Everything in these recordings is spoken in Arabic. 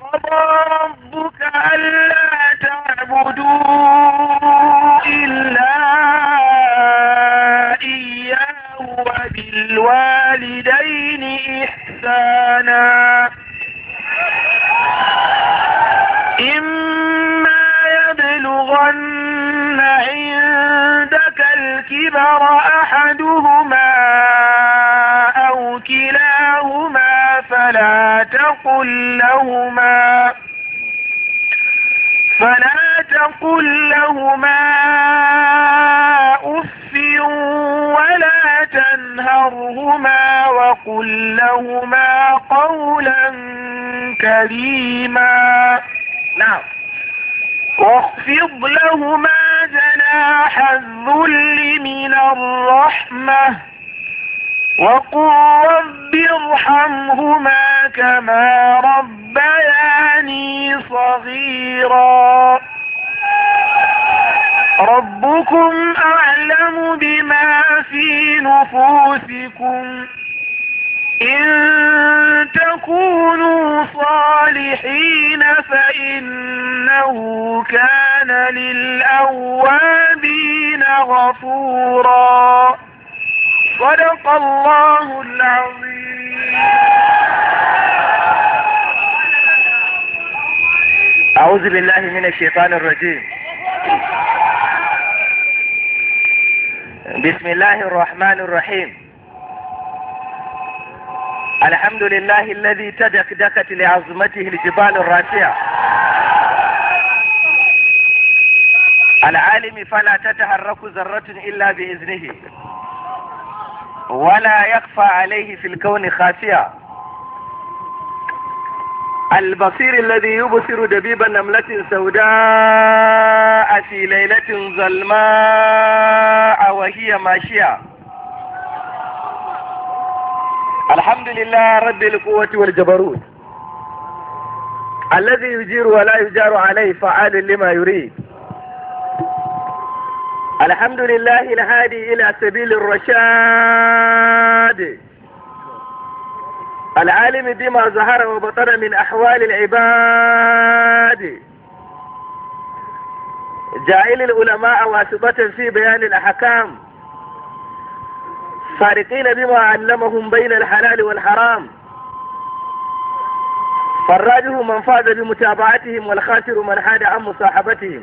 قضى ربك ألا تعبدوا إلا إياه وبالوالدين إحسانا إما يبلغن عندك الكبر أحدهما أو كلاهما فلا فلا تقل لهما فلا تقل لهما أف ولا تنهرهما وقل لهما قولا كريما نعم واخفض لهما جناح الذل من الرحمه وقل رب ارحمهما كما ربياني صغيرا ربكم أعلم بما في نفوسكم إن تكونوا صالحين فإنه كان للأوابين غفوراً صدق الله العظيم أعوذ بالله من الشيطان الرجيم بسم الله الرحمن الرحيم الحمد لله الذي تدكدكت لعظمته الجبال الراسعة العالم فلا تتحرك ذرة إلا بإذنه ولا يخفى عليه في الكون خاشية البصير الذي يبصر دبيب نملة سوداء في ليلة ظلماء وهي ماشية الحمد لله رب القوة والجبروت الذي يجير ولا يجار عليه فعال لما يريد الحمد لله الهادي إلى سبيل الرشاد العالم بما ظهر وبطن من أحوال العباد جائل العلماء واسطة في بيان الأحكام فارقين بما علمهم بين الحلال والحرام فالراجه من فاز بمتابعتهم والخاسر من حاد عن مصاحبتهم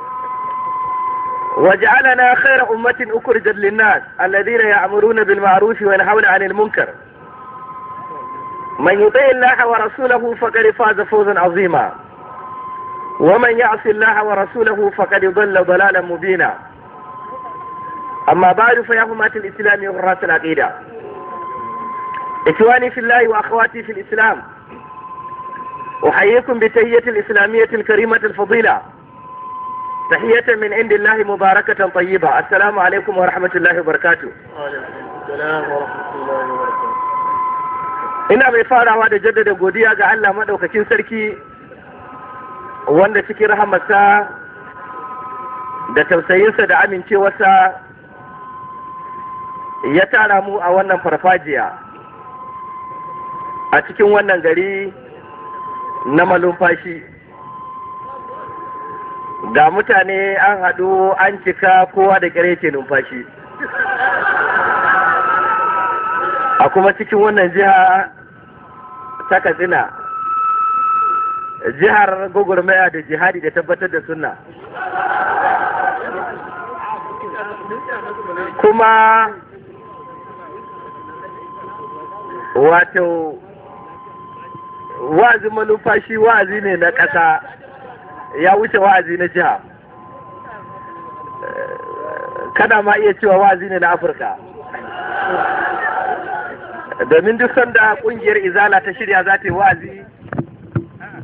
واجعلنا خير أمة أخرجت للناس الذين يأمرون بالمعروف وينهون عن المنكر من يطيع الله ورسوله فقد فاز فوزا عظيما ومن يعص الله ورسوله فقد ضل ضلالا مبينا أما بعد فيا الإسلام وغرات العقيدة إخواني في الله وأخواتي في الإسلام أحييكم بتهية الإسلامية الكريمة الفضيلة tahiyatan min indillahi mubarakatan tayyiba assalamu alaikum wa rahmatullahi wa ina mai farawa da jaddada godiya ga Allah madaukakin sarki wanda cikin rahamarsa da tausayinsa da amincewarsa ya tara mu a wannan farfajiya a cikin wannan gari na malumfashi ga mutane an haɗu an cika kowa da kyare ke numfashi a kuma cikin wannan jiha ta katsina jihar gwagwarmaya da jihadi da tabbatar da sunna kuma wato wa'azin manufashi wa'azi ne na ƙasa ya wuce wa'azi na jiha kana ma iya cewa wa'azi ne na afirka domin duk sanda kungiyar izala ta shirya za ta yi wa'azi